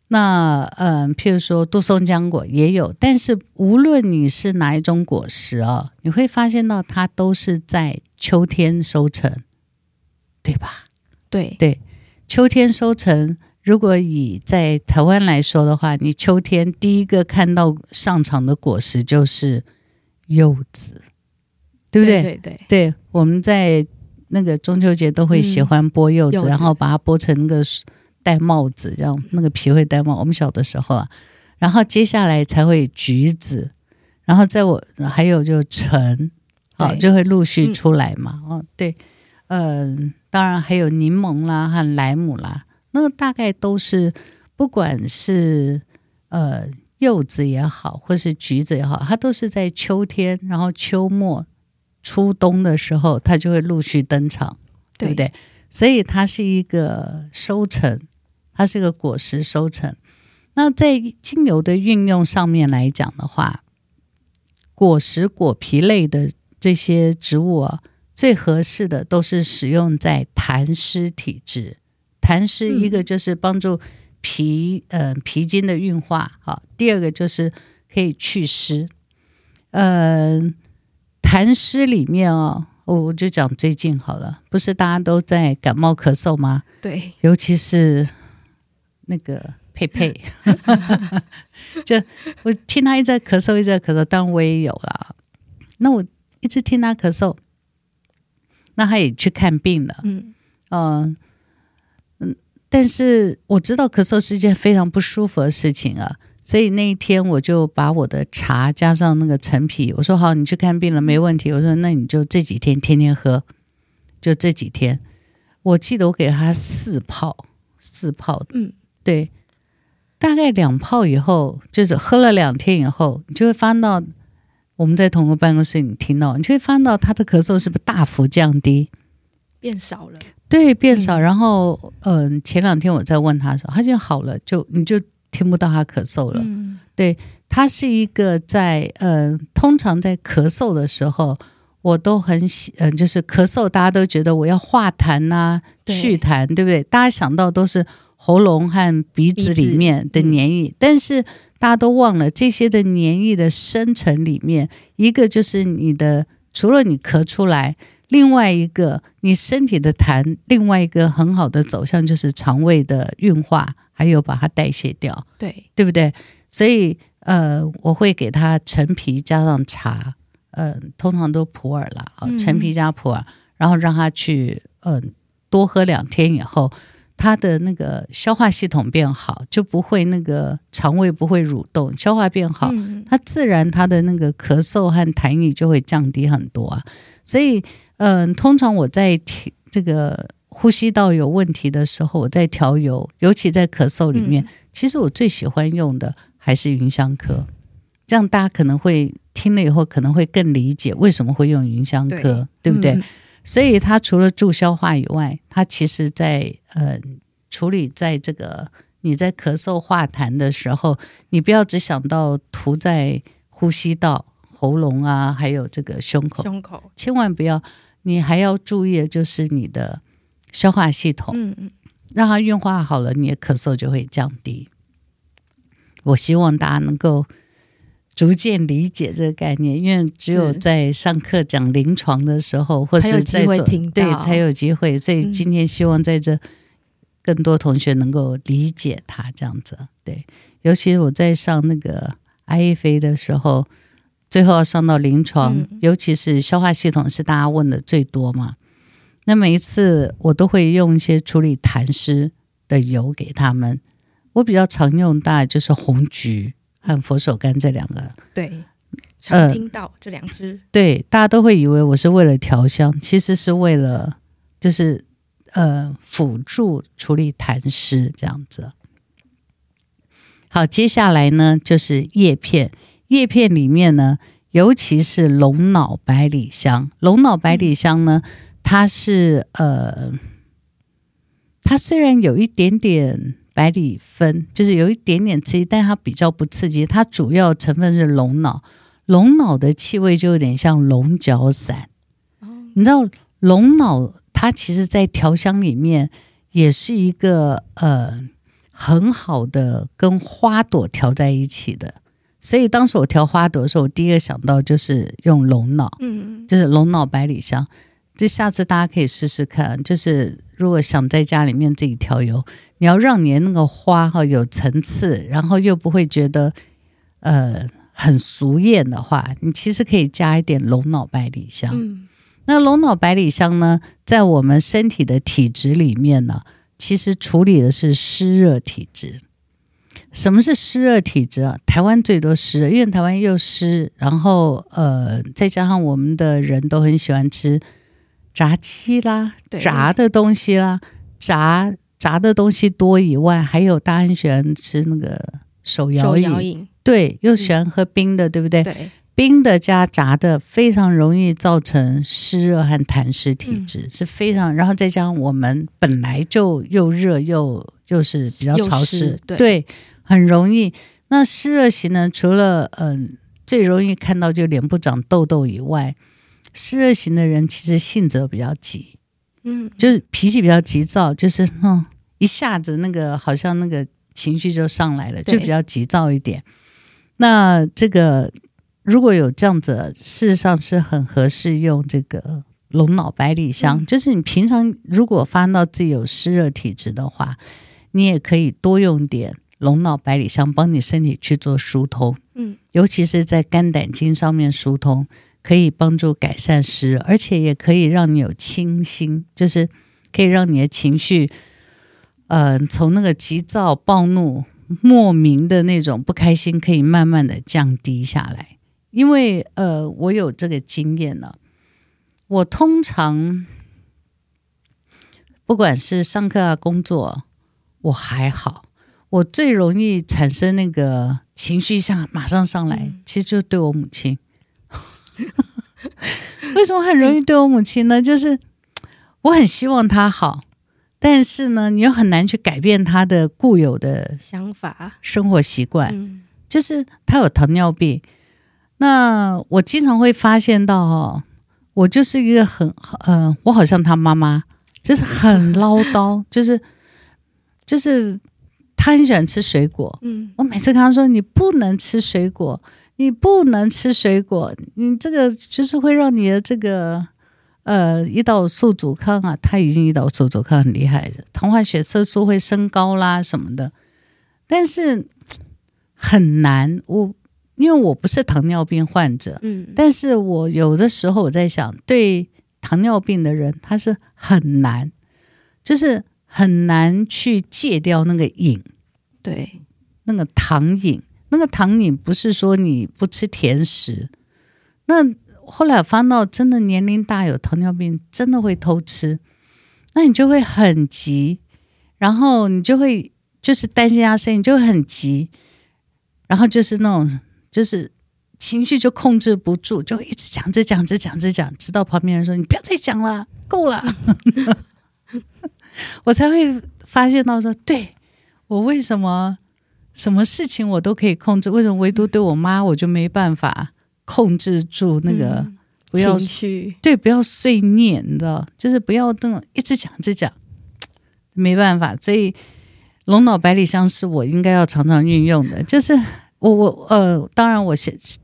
那嗯、呃，譬如說杜松漿果也有，但是無論你是哪一種果實啊、哦，你會發現到它都是在秋天收成，對吧？對對。對秋天收成，如果以在台灣來說的話，你秋天第一個看到上場的果實就是柚子，對不對？對對對，對，我們在那個中秋節都會喜歡剝柚子，嗯、柚子然後把它剝成那個戴帽子，這樣那個皮會戴帽。我們小的時候啊，然後接下來才會橘子，然後在我還有就橙，好就會陸續出來嘛。對。哦，對，嗯、呃。當然還有檸檬啦和萊姆啦，那個大概都是，不管是呃柚子也好，或是橘子也好，它都是在秋天，然後秋末初冬的時候，它就會陸續登場，對，對不對？所以它是一個收成，它是一個果實收成。那在精油的運用上面來講的話，果實果皮類的這些植物啊。最合適的都是使用在痰濕體質，痰濕一個就是幫助脾，嗯、呃脾經的運化，好，第二個就是可以祛濕。嗯、呃，痰濕裡面哦，我、哦、我就講最近好了，不是大家都在感冒咳嗽嗎？對，尤其是那個佩佩， 就我聽他一直在咳嗽，一直在咳嗽，當然我也有了，那我一直聽他咳嗽。那他也去看病了，嗯，嗯，但是我知道咳嗽是一件非常不舒服的事情啊，所以那一天我就把我的茶加上那個陳皮，我說好，你去看病了沒問題，我說那你就這幾天天天喝，就這幾天，我記得我給他四泡，四泡，嗯，對，大概兩泡以後，就是喝了兩天以後，你就會發現到。我們在同一個辦公室，你聽到，你就會發現到他的咳嗽是不是大幅降低，變少了？對，變少。嗯、然後，嗯、呃，前兩天我在問他的時候，他就好了，就你就聽不到他咳嗽了。嗯，對他是一個在嗯、呃，通常在咳嗽的時候，我都很喜，嗯、呃，就是咳嗽，大家都覺得我要化痰吶、啊、祛對痰，對不對？大家想到都是。喉嚨和鼻子裡面的黏液，嗯、但是大家都忘了這些的黏液的生成裡面，一個就是你的除了你咳出來，另外一個你身體的痰，另外一個很好的走向就是腸胃的運化，還有把它代謝掉，對對不對？所以呃，我會給他陳皮加上茶，嗯、呃，通常都普洱啦、哦，陳皮加普洱，嗯、然後讓他去嗯、呃、多喝兩天以後。它的那個消化系統變好，就不會那個腸胃不會蠕動，消化變好，它自然它的那個咳嗽和痰液就會降低很多啊。所以，嗯、呃，通常我在這個呼吸道有問題的時候，我在調油，尤其在咳嗽裡面，嗯、其實我最喜歡用的還是芸香科。這樣大家可能會聽了以後，可能會更理解為什麼會用芸香科，對，對不對？嗯所以它除了助消化以外，它其實在呃處理在這個你在咳嗽化痰的時候，你不要只想到塗在呼吸道、喉嚨啊，還有這個胸口，胸口千萬不要，你還要注意的就是你的消化系統，嗯，讓它運化好了，你的咳嗽就會降低。我希望大家能夠。逐漸理解這個概念，因為只有在上課講臨床的時候，是或者是在機會聽到，對，才有機會。所以今天希望在這更多同學能夠理解他、嗯、這樣子。對，尤其是我在上那個 IFA 的時候，最後要上到臨床，嗯、尤其是消化系統是大家問的最多嘛。那每一次我都會用一些處理痰濕的油給他們，我比較常用的大概就是紅橘。和佛手柑這兩個，對，常聽到、呃、這兩支，對，大家都會以為我是為了調香，其實是為了就是呃輔助處理痰濕這樣子。好，接下來呢就是葉片，葉片裡面呢，尤其是龍腦百里香，龍腦百里香呢，它是呃，它雖然有一點點。百里酚就是有一點點刺激，但它比較不刺激。它主要成分是龍腦，龍腦的氣味就有點像龍角散。哦、你知道龍腦，它其實在調香裡面也是一個呃很好的跟花朵調在一起的。所以當時我調花朵的時候，我第一個想到就是用龍腦，嗯、就是龍腦百里香。就下次大家可以試試看，就是如果想在家裡面自己調油，你要讓你的那個花哈、哦、有層次，然後又不會覺得呃很俗艷的話，你其實可以加一點龍腦百里香。嗯、那龍腦百里香呢，在我們身體的體質裡面呢、啊，其實處理的是濕熱體質。什麼是濕熱體質、啊？台灣最多濕熱，因為台灣又濕，然後呃再加上我們的人都很喜歡吃。炸雞啦，炸的東西啦，炸炸的東西多以外，還有大人喜歡吃那個手搖飲，搖，對，又喜歡喝冰的，嗯、對不對？對，冰的加炸的，非常容易造成濕熱和痰濕體質，嗯、是非常。然後再加上我們本來就又熱又又是比較潮濕，濕，對，對，很容易。那濕熱型呢？除了嗯、呃，最容易看到就臉部長痘痘以外。濕熱型的人其實性子比較急，嗯，就是脾氣比較急躁，就是嗯、哦，一下子那個好像那個情緒就上來了，對就比較急躁一點。那這個如果有這樣子，事實上是很合適用這個龍腦百里香。嗯、就是你平常如果發到自己有濕熱體質的話，你也可以多用點龍腦百里香，幫你身體去做疏通。嗯，尤其是在肝膽經上面疏通。可以幫助改善濕熱，而且也可以讓你有清新，就是可以讓你的情緒，嗯、呃，從那個急躁、暴怒、莫名的那種不開心，可以慢慢的降低下來。因為呃，我有這個經驗呢，我通常不管是上課啊、工作，我還好，我最容易產生那個情緒上馬上上來，嗯、其實就對我母親。 為什麼很容易對我母親呢？就是我很希望她好，但是呢，你又很難去改變她的固有的想法、生活習慣。嗯，就是她有糖尿病，那我經常會發現到，哦，我就是一個很……嗯，呃，我好像她媽媽，就是很嘮叨，就是就是她很喜歡吃水果，嗯，我每次跟她說：“你不能吃水果。”你不能吃水果，你這個就是會讓你的這個呃胰島素阻抗啊，他已經胰島素阻抗很厲害的，糖化血色素會升高啦什麼的，但是很難。我因為我不是糖尿病患者，嗯，但是我有的時候我在想，對糖尿病的人他是很難，就是很難去戒掉那個癮，對，那個糖癮。那個糖，你不是說你不吃甜食？那後來發現到真的年齡大有糖尿病，真的會偷吃，那你就會很急，然後你就會就是擔心他身體，你就很急，然後就是那種就是情緒就控制不住，就一直講着講着講着講，直到旁邊人說：“你不要再講了，夠了。 ”我才會發現到說，對，我為什麼？什麼事情我都可以控制，為什麼唯獨對我媽我就沒辦法控制住那個？嗯、不要去，情緒，對，不要碎念，你知道，就是不要那種，一直講一直講，沒辦法。所以龍腦百里香是我應該要常常運用的。就是我我呃，當然我，我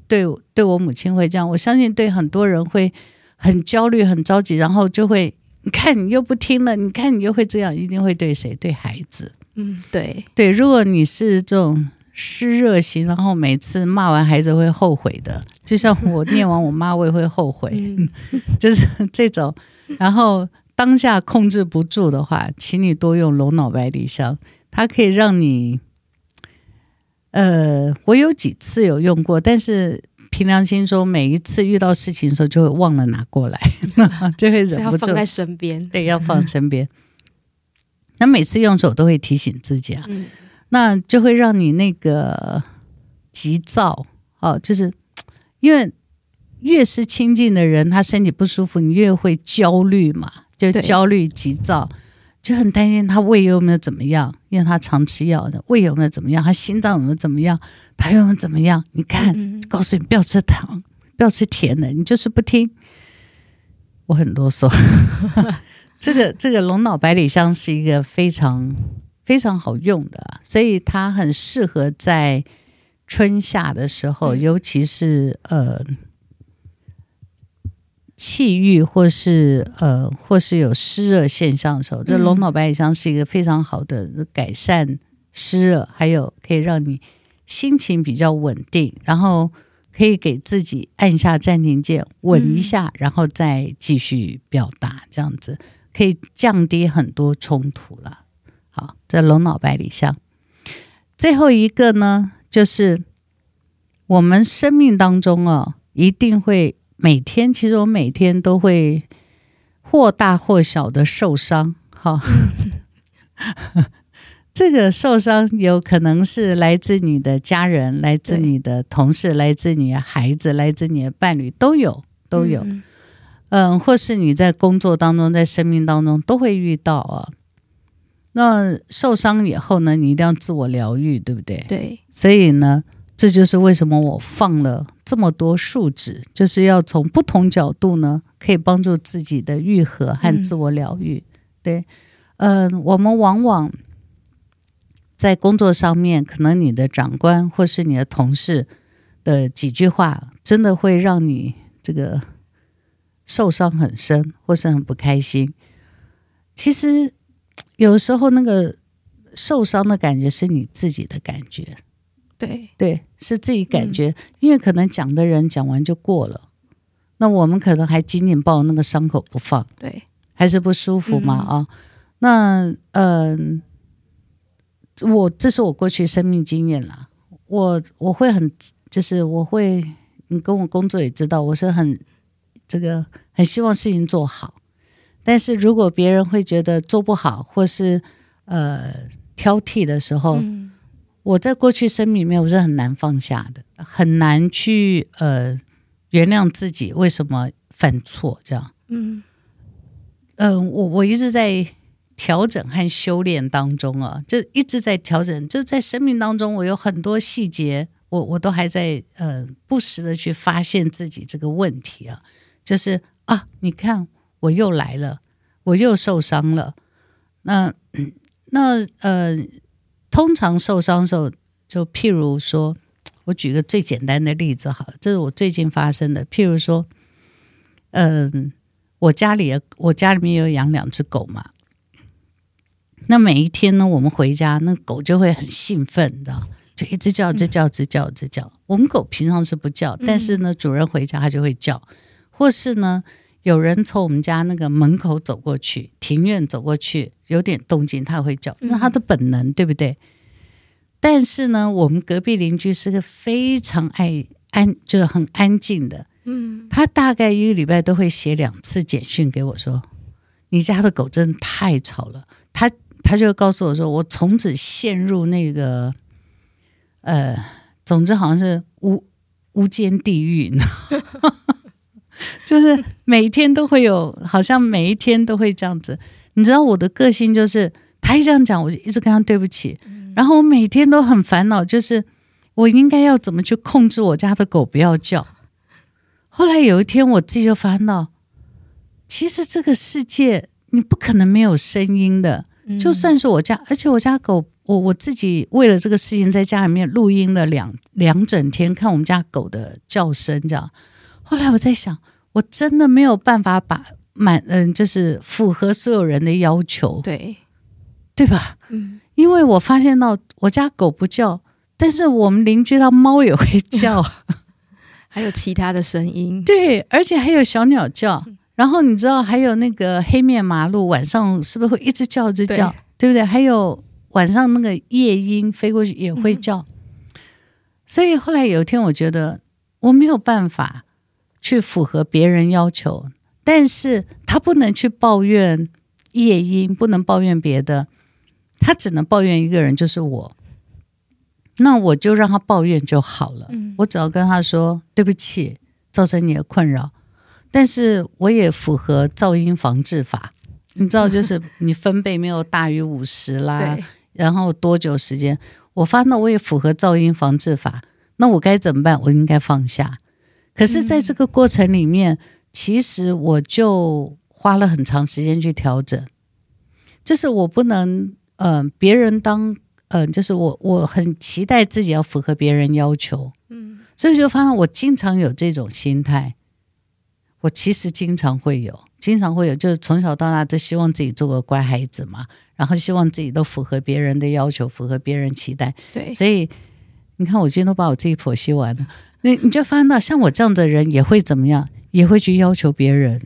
對對我母親會這樣，我相信對很多人會很焦慮、很着急，然後就會你看你又不聽了，你看你又會這樣，一定會對誰對孩子。嗯，對對，如果你是這種濕熱型，然後每次罵完孩子會後悔的，就像我念完我媽，我也會後悔，嗯嗯，就是這種。然後當下控制不住的話，請你多用龍腦百里香，它可以讓你……呃，我有幾次有用過，但是憑良心說，每一次遇到事情的時候就會忘了拿過來，嗯嗯、就會忍不住放在身邊，對，要放身邊。嗯那每次用手都會提醒自己啊，嗯、那就會讓你那個急躁哦，就是因為越是親近的人，他身體不舒服，你越會焦慮嘛，就焦慮急躁，對就很擔心他胃有沒有怎麼樣，因為他常吃藥的，胃有沒有怎麼樣，他心臟有沒有怎麼樣，他有沒有怎麼樣？你看，嗯嗯告訴你不要吃糖，不要吃甜的，你就是不聽，我很囉嗦。 這個這個龍腦百里香是一個非常非常好用的，所以它很適合在春夏的時候，嗯、尤其是呃氣鬱或是呃或是有濕熱現象的時候，嗯、這龍腦百里香是一個非常好的改善濕熱，還有可以讓你心情比較穩定，然後可以給自己按下暫停鍵，穩一下，嗯、然後再繼續表達這樣子。可以降低很多衝突了。好，這龍腦百里香。最後一個呢，就是我們生命當中哦，一定會每天，其實我每天都會或大或小的受傷。好、哦， 這個受傷有可能是來自你的家人，來自你的同事，對來自你的孩子，來自你的伴侶，都有，都有。嗯嗯嗯，或是你在工作當中，在生命當中都會遇到啊。那受傷以後呢，你一定要自我療癒，對不對？對。所以呢，這就是為什麼我放了這麼多樹脂，就是要從不同角度呢，可以幫助自己的癒合和自我療癒。嗯、對，嗯，我們往往在工作上面，可能你的長官或是你的同事的幾句話，真的會讓你這個。受傷很深，或是很不開心。其實有時候那個受傷的感覺是你自己的感覺，對對，是自己感覺，嗯、因為可能講的人講完就過了，那我們可能還緊緊抱那個傷口不放，對，還是不舒服嘛啊、嗯哦？那嗯、呃，我這是我過去生命經驗了，我我會很，就是我會，你跟我工作也知道，我是很。這個很希望事情做好，但是如果別人會覺得做不好，或是呃挑剔的時候，嗯、我在過去生命裡面我是很難放下的，很難去呃原諒自己為什麼犯錯這樣。嗯嗯，呃、我我一直在調整和修煉當中啊，就一直在調整，就在生命當中，我有很多細節，我我都還在呃不時的去發現自己這個問題啊。就是啊，你看我又來了，我又受傷了。那那呃，通常受傷的時候，就譬如說我舉個最簡單的例子，好了，這是我最近發生的。譬如說，嗯、呃，我家裡我家裡面有養兩隻狗嘛。那每一天呢，我們回家，那狗就會很興奮，你知道，就一直叫，一直叫，一直叫，一直叫。我們狗平常是不叫，但是呢，主人回家它就會叫。或是呢，有人從我們家那個門口走過去，庭院走過去，有點動靜，他會叫，那他的本能，對不對？嗯、但是呢，我們隔壁鄰居是個非常愛安，就是很安靜的，嗯，他大概一個禮拜都會寫兩次簡訊給我說，說你家的狗真的太吵了，他他就告訴我說，我從此陷入那個，呃，總之好像是無無間地獄，呢。 就是每天都會有，好像每一天都會這樣子。你知道我的個性就是，他一這樣講，我就一直跟他對不起。嗯、然後我每天都很煩惱，就是我應該要怎麼去控制我家的狗不要叫。後來有一天，我自己就煩惱，其實這個世界你不可能沒有聲音的。嗯、就算是我家，而且我家狗，我我自己為了這個事情在家裡面錄音了兩兩整天，看我們家狗的叫聲這樣。後來我在想，我真的沒有辦法把滿嗯，就是符合所有人的要求，對對吧？嗯，因為我發現到我家狗不叫，但是我們鄰居他貓也會叫，嗯，還有其他的聲音，對，而且還有小鳥叫，嗯，然後你知道還有那個黑面麻鷺晚上是不是會一直叫一直叫，對叫，對不對？還有晚上那個夜鶯飛過去也會叫，嗯，所以後來有一天我覺得我沒有辦法。去符合別人要求，但是他不能去抱怨夜鶯，不能抱怨別的，他只能抱怨一個人，就是我。那我就讓他抱怨就好了。嗯，我只要跟他說對不起，造成你的困擾，但是我也符合噪音防治法，你知道，就是你分貝沒有大於五十啦， 對然後多久時間？我發，那我也符合噪音防治法，那我該怎麼辦？我應該放下。可是，在這個過程裡面，嗯、其實我就花了很長時間去調整，就是我不能，呃，別人當，嗯、呃，就是我，我很期待自己要符合別人要求，嗯，所以就發現我經常有這種心態，我其實經常會有，經常會有，就是從小到大都希望自己做個乖孩子嘛，然後希望自己都符合別人的要求，符合別人期待，對，所以你看，我今天都把我自己剖析完了。你你就發現到像我這樣的人也會怎麼樣，也會去要求別人。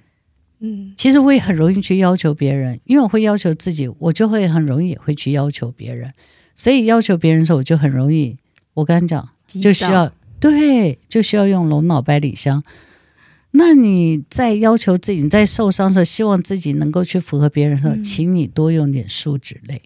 嗯，其實我也很容易去要求別人，因為我會要求自己，我就會很容易也會去要求別人。所以要求別人的時候，我就很容易。我跟你講，着就需要，對，就需要用龍腦百里香。那你在要求自己、你在受傷的時候，希望自己能夠去符合別人的時候，嗯、請你多用點樹脂類，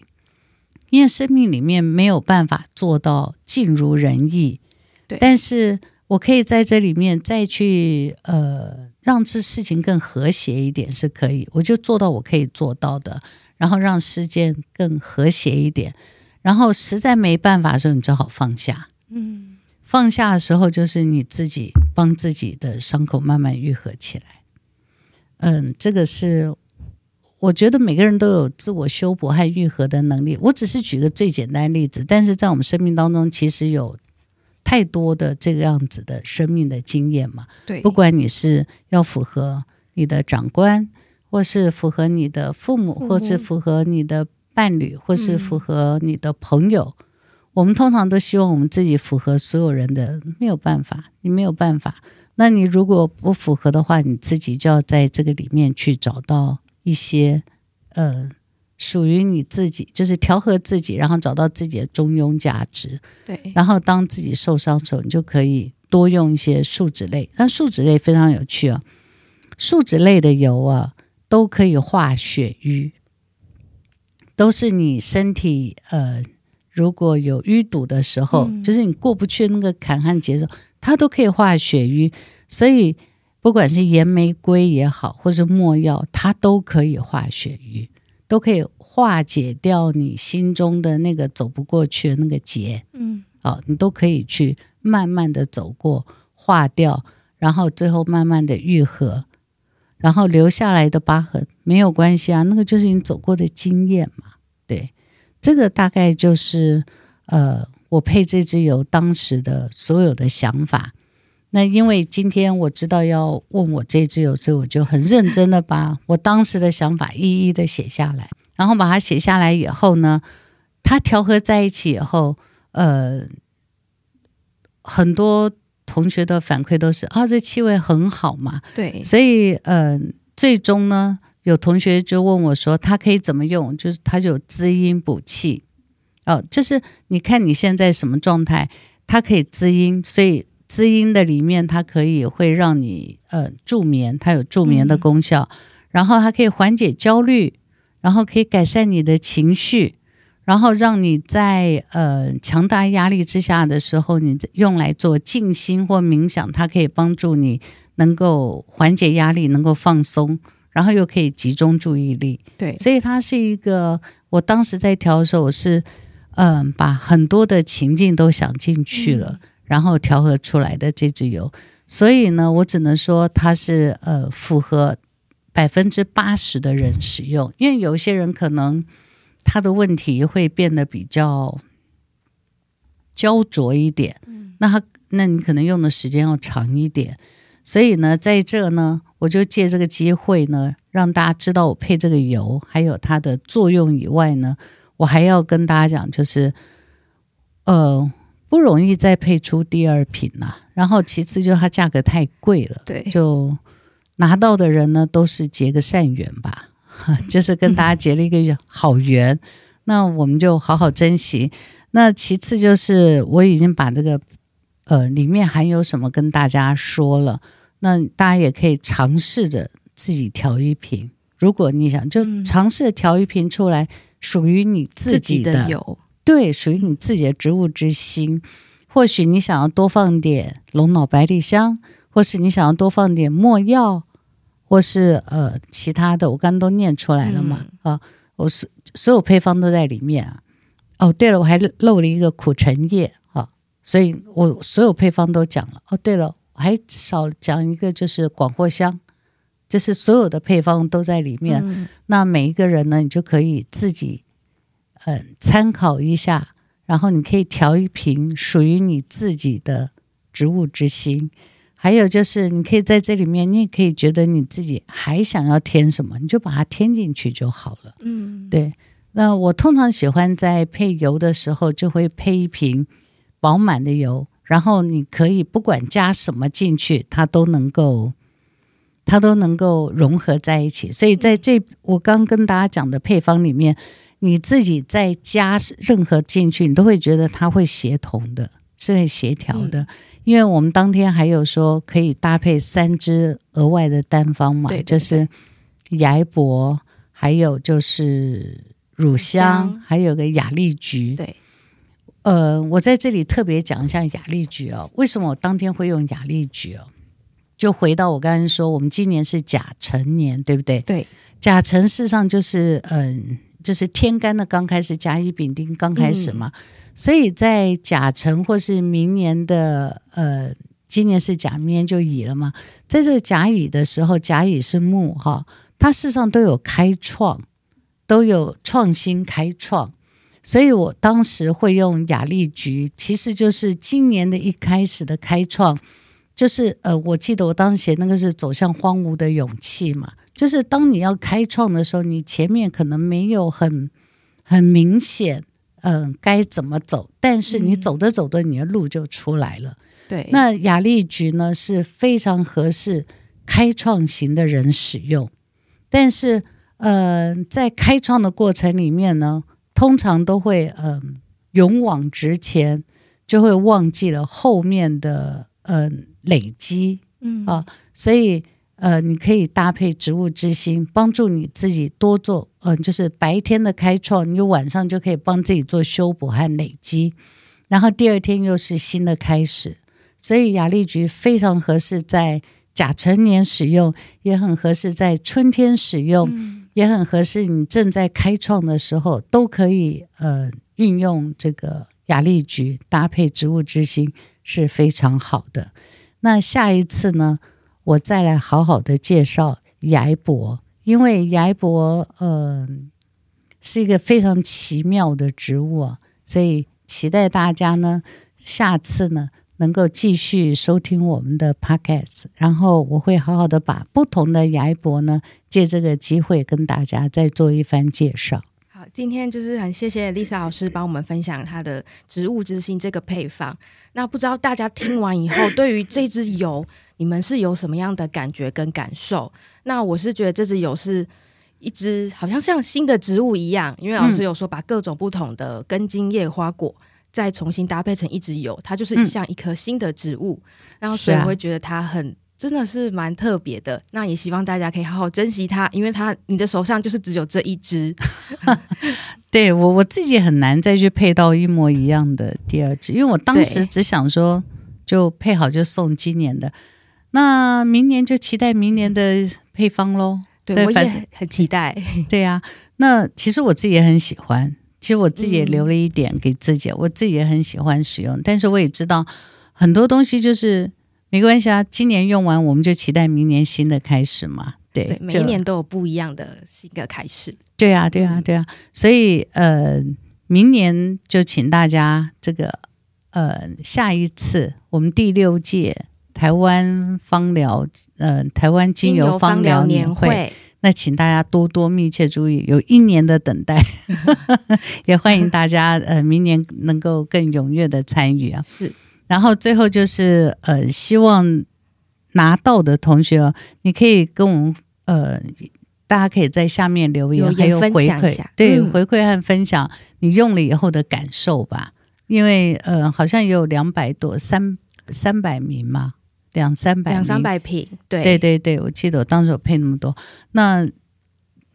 因為生命裡面沒有辦法做到盡如人意。對，但是。我可以在這裡面再去呃，讓這事情更和諧一點是可以，我就做到我可以做到的，然後讓時間更和諧一點。然後實在沒辦法的時候，你只好放下。嗯，放下的時候就是你自己幫自己的傷口慢慢愈合起來。嗯，這個是我覺得每個人都有自我修補和愈合的能力。我只是舉個最簡單的例子，但是在我們生命當中其實有。太多的這個樣子的生命的經驗嘛，對不管你是要符合你的長官，或是符合你的父母，嗯、或是符合你的伴侶，或是符合你的朋友，嗯、我們通常都希望我們自己符合所有人的，沒有辦法，你沒有辦法。那你如果不符合的話，你自己就要在這個裡面去找到一些，呃。屬於你自己，就是調和自己，然後找到自己的中庸價值。對，然後當自己受傷的時候，你就可以多用一些樹脂類。但樹脂類非常有趣啊、哦，樹脂類的油啊，都可以化血瘀，都是你身體呃如果有淤堵的時候，嗯、就是你過不去那個坎坎節奏，它都可以化血瘀。所以不管是岩玫瑰也好，或是沒藥，它都可以化血瘀。都可以化解掉你心中的那個走不過去的那個結，嗯，哦，你都可以去慢慢的走過，化掉，然後最後慢慢的愈合，然後留下來的疤痕沒有關係啊，那個就是你走過的經驗嘛。對，這個大概就是呃，我配這支油當時的所有的想法。那因為今天我知道要問我這支油，所以我就很認真的把我當時的想法一一的寫下來。然後把它寫下來以後呢，它調和在一起以後，呃，很多同學的反饋都是啊、哦，這氣味很好嘛。對，所以嗯、呃，最終呢，有同學就問我說，它可以怎麼用？就是它有滋陰補氣哦，就是你看你現在什麼狀態，它可以滋陰，所以。滋陰的裡面，它可以會讓你呃助眠，它有助眠的功效，嗯、然後它可以緩解焦慮，然後可以改善你的情緒，然後讓你在呃強大壓力之下的時候，你用來做靜心或冥想，它可以幫助你能夠緩解壓力，能夠放鬆，然後又可以集中注意力。對，所以它是一個，我當時在調的時候，我是嗯、呃、把很多的情境都想進去了。嗯然後調和出來的這支油，所以呢，我只能說它是呃符合百分之八十的人使用，因為有些人可能他的問題會變得比較焦灼一點，嗯，那他那你可能用的時間要長一點，所以呢，在這呢，我就借這個機會呢，讓大家知道我配這個油還有它的作用以外呢，我還要跟大家講，就是呃。不容易再配出第二瓶了，啊。然後其次就是它價格太貴了，對，就拿到的人呢，都是結個善緣吧， 就是跟大家結了一個好緣。嗯、那我們就好好珍惜。那其次就是我已經把這個呃裡面含有什麼跟大家說了，那大家也可以嘗試着自己調一瓶。如果你想就嘗試調一瓶出來，屬於你自己的，嗯自己的油對，屬於你自己的植物之心，或許你想要多放點龍腦、百里香，或是你想要多放點沒藥，或是呃其他的，我剛剛都念出來了嘛，嗯、啊，我所所有配方都在裡面啊。哦，對了，我還漏了一個苦橙葉啊，所以我所有配方都講了。哦，對了，我還少講一個就是廣藿香，就是所有的配方都在裡面。嗯、那每一個人呢，你就可以自己。嗯，參考一下，然後你可以調一瓶屬於你自己的植物之心。還有就是，你可以在這裡面，你也可以覺得你自己還想要添什麼，你就把它添進去就好了。嗯，對。那我通常喜歡在配油的時候，就會配一瓶飽滿的油，然後你可以不管加什麼進去，它都能夠，它都能夠融合在一起。所以在這、嗯、我剛跟大家講的配方裡面。你自己再加任何進去，你都會覺得它會協同的，是很協調的。嗯、因為我們當天還有說可以搭配三支額外的單方嘛，對對對，就是崖柏，還有就是乳香，乳香還有個雅麗菊。對，呃，我在這裡特別講一下雅麗菊哦，為什麼我當天會用雅麗菊哦？就回到我剛才說，我們今年是甲辰年，對不對？對，甲辰事實上就是、呃、嗯。就是天干的剛開始甲乙丙丁剛開始嘛，嗯，所以在甲辰或是明年的呃，今年是甲，明年就乙了嘛。在這個甲乙的時候，甲乙是木哈，它世上都有開創，都有創新開創。所以我當時會用雅麗菊，其實就是今年的一開始的開創。就是呃，我記得我當時寫那個是走向荒蕪的勇氣嘛，就是當你要開創的時候，你前面可能沒有很很明顯，嗯、呃，該怎麼走，但是你走着走着，你的路就出來了。對、嗯，那雅麗菊呢是非常合適開創型的人使用，但是呃，在開創的過程裡面呢，通常都會嗯、呃，勇往直前，就會忘記了後面的嗯。呃累積，嗯啊、呃，所以呃，你可以搭配植物之心，幫助你自己多做，嗯、呃，就是白天的開創，你晚上就可以幫自己做修補和累積，然後第二天又是新的開始，所以雅麗菊非常合適在甲辰年使用，也很合適在春天使用，嗯、也很合適你正在開創的時候都可以，呃，運用這個雅麗菊搭配植物之心是非常好的。那下一次呢，我再來好好的介紹崖柏，因為崖柏呃是一個非常奇妙的植物啊，所以期待大家呢下次呢能夠繼續收聽我們的 podcast，然後我會好好的把不同的崖柏呢借這個機會跟大家再做一番介紹。好，今天就是很謝謝 Lisa 老師幫我們分享她的植物之心這個配方。那不知道大家聽完以後，對於這支油， 你們是有什麼樣的感覺跟感受？那我是覺得這支油是一支好像像新的植物一樣，因為老師有說把各種不同的根莖葉花果再重新搭配成一支油，它就是像一棵新的植物，嗯、然後所以我會覺得它很。真的是蠻特別的，那也希望大家可以好好珍惜它，因為它你的手上就是只有這一支。 對我我自己很難再去配到一模一樣的第二支，因為我當時只想說就配好就送今年的，對那明年就期待明年的配方嘍。嗯、對，我也很期待。對呀、啊，那其實我自己也很喜歡，其實我自己也留了一點給自己，嗯、我自己也很喜歡使用，但是我也知道很多東西就是。沒關係啊，今年用完我們就期待明年新的開始嘛。對，對，每一年都有不一樣的新的開始。對啊，對啊，對啊。所以呃，明年就請大家這個呃，下一次我們第六屆台灣芳療呃台灣精油芳療年會，年會那請大家多多密切注意，有一年的等待， 也歡迎大家呃明年能夠更踴躍的參與啊。是。然後最後就是呃，希望拿到的同學你可以跟我們呃，大家可以在下面留言，留言分享還有回饋，嗯、對，回饋和分享你用了以後的感受吧。嗯、因為呃，好像有兩百多三三百名嘛，兩三百名兩三百瓶，對，對對對，我記得我當時我配那麼多，那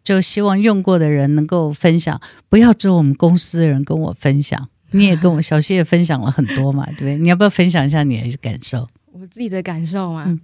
就希望用過的人能夠分享，不要只有我們公司的人跟我分享。你也跟我小溪也分享了很多嘛， 對不對？你要不要分享一下你的感受？我自己的感受嘛、啊，嗯、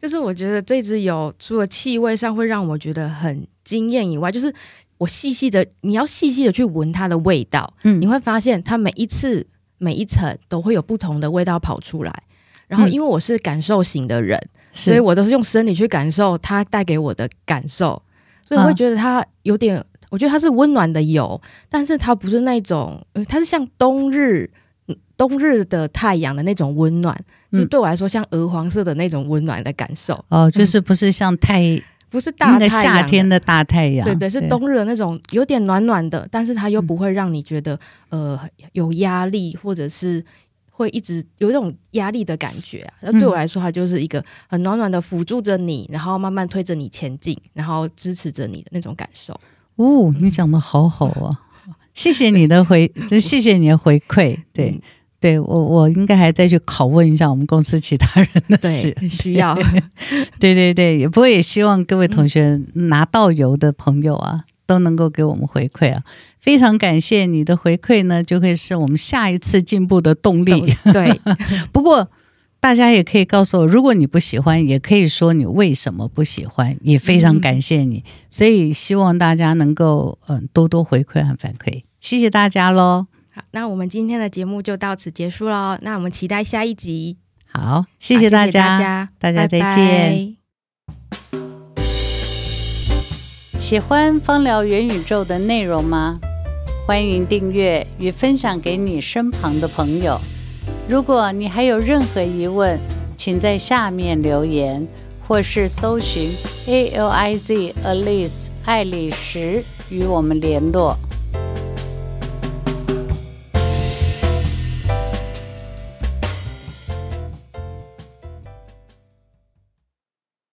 就是我覺得這支油除了氣味上會讓我覺得很驚艷以外，就是我細細的，你要細細的去聞它的味道，嗯、你會發現它每一次每一層都會有不同的味道跑出來。然後因為我是感受型的人，嗯、所以我都是用生理去感受它帶給我的感受，所以我會覺得它有點。我覺得它是溫暖的油，但是它不是那種，呃、它是像冬日，嗯、冬日的太陽的那種溫暖，嗯、就對我來說像鵝黃色的那種溫暖的感受。哦，就是不是像太、嗯、不是大太那個夏天的大太陽，對，對對，是冬日的那種有點暖暖的，對但是它又不會讓你覺得呃有壓力，或者是會一直有這種壓力的感覺啊。那對我來說，它就是一個很暖暖的輔助着你，然後慢慢推着你前進，然後支持着你的那種感受。哦，你講的好好啊！謝謝你的回，對謝謝你的回饋。對，對我我應該還再去拷問一下我們公司其他人的事。對對需要對。對對對，不過也希望各位同學拿到油的朋友啊，嗯、都能夠給我們回饋啊！非常感謝你的回饋呢，就會是我們下一次進步的動力。對， 不過。大家也可以告訴我，如果你不喜歡，也可以說你為什麼不喜歡，也非常感謝你。嗯、所以希望大家能夠嗯多多回饋和反饋，謝謝大家嘍。好，那我們今天的節目就到此結束嘍。那我們期待下一集。好，謝謝大家，啊、謝謝大家，大家再見。拜拜。喜歡芳療元宇宙的內容嗎？歡迎訂閱與分享給你身旁的朋友。如果你還有任何疑問，請在下面留言，或是搜尋 ALIZ Alice 愛麗石與我們聯絡。